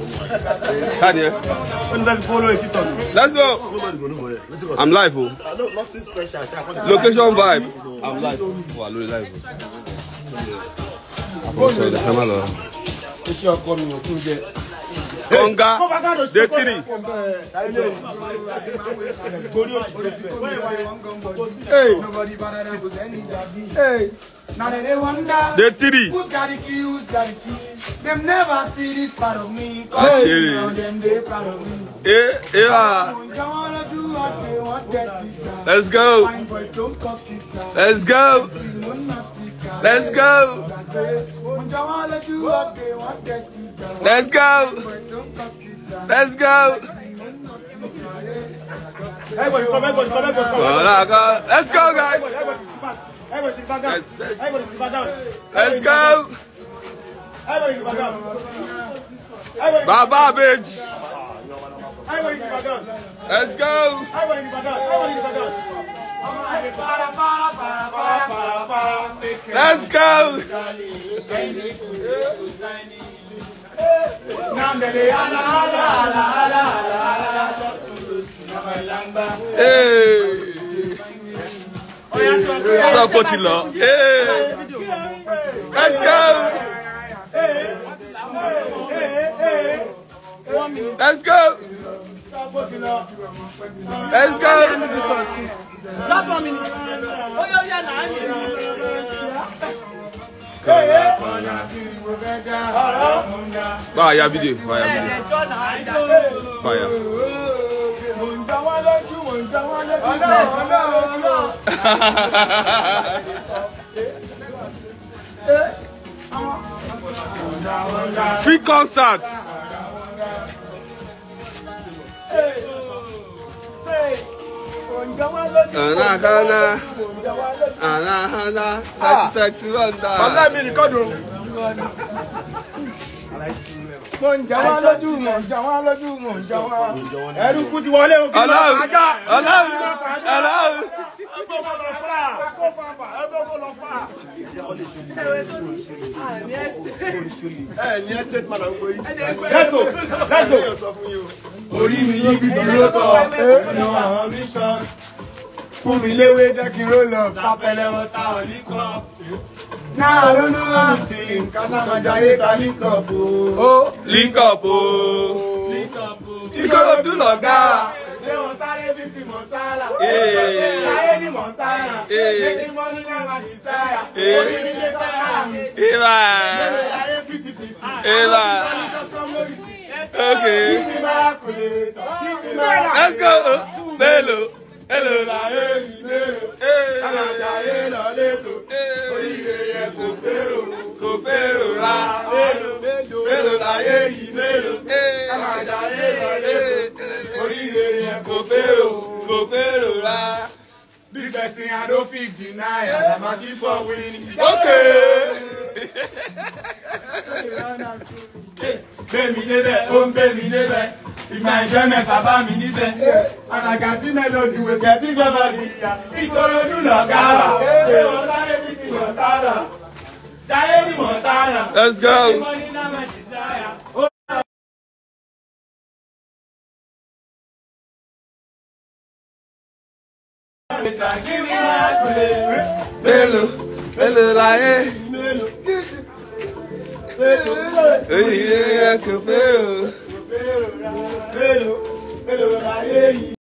Oh Let's go. I'm live, oh. Location vibe. I'm live. Oh, I'm live. I'm also the camera. Conga, oh the three. Uh, hey. Now they wonder the three. Who's got the key? Who's got the key? Them never see this part of me. Cause hey. them they proud of me. yeah. Eh, eh, Let's go. Let's go. Let's go. Let's go. Let's go. Let's go. Everybody, come, everybody, come, everybody, come. Well, go. Let's go, guys. Everybody, back down. Everybody, back down. Let's go. Everybody, back down. Bye, bye, bitch. Let's go. Let's go. Let's go. yandele sọ pé ó ti lọ. let's go. Let's go. Let's go. one minute. Oh, yeah, yeah, nah, Báyà bídè, báyà bídè. Báyà. Free concerts. Anakana, anahana, sexy sexy wonder. Ọlá mi nìkan dùn lọ ni. mo ń jàwá lójú mo ń jàwá lójú mo ń jàwá. ẹrú kú ti wọlé òkè náà ajá. aláwù aláwù. agbóko lọ fà agbóko lọ fà. ẹ ní estate man àgbo yìí. lẹ́sọ̀ lẹ́sọ̀. orí mi yí bí dúró tọ̀ nínú àwọn mission fún mi léwé jẹ́ kí n ró lọ sápẹ́lẹ́wọ́ táwọn ní Now I don't know how I'm feeling, cause I'm a Jamaica link up. Oh, link up. Oh, link up. Ìkòròdú lọ̀gá. Ṣé wọ́n sáré bí ti Mọ̀sálà? Ṣáyé ní Mọ̀ntánà. Ṣé kí mọ́ní náà máa ní sáyà? Orí mi lé tọ́sára mi. Ìwà. Ṣé ayé pìtìpìtì? Ìwà. Okay. Kí ni máa kò lè tọ̀? Kí ni máa rà? Let's go. Mélòó? Mélòó la yé mi lérò? Kàmàjà yé lọ lẹ́tọ̀ọ́. wa mélòó mélòó láyé yìí mélòó ká máa jà yé lọlé oríire yẹn kò fèrò kò fèrò rà. This person I no fit deny and I'ma keep on winning. Okay. Bẹ́mi débẹ̀, ó ń bẹ́mi débẹ̀, ìgbà ìjọ mẹ́fà bá mi níbẹ̀. Àràgà tí mélòdì wèsì tí gbọ́dọ̀ di ìyá. Ìkòròdú lọ̀gá rà, ṣé wọ́n sáré bí ti wọ̀ sára. Let's go. Melo, melo la ye. Eyi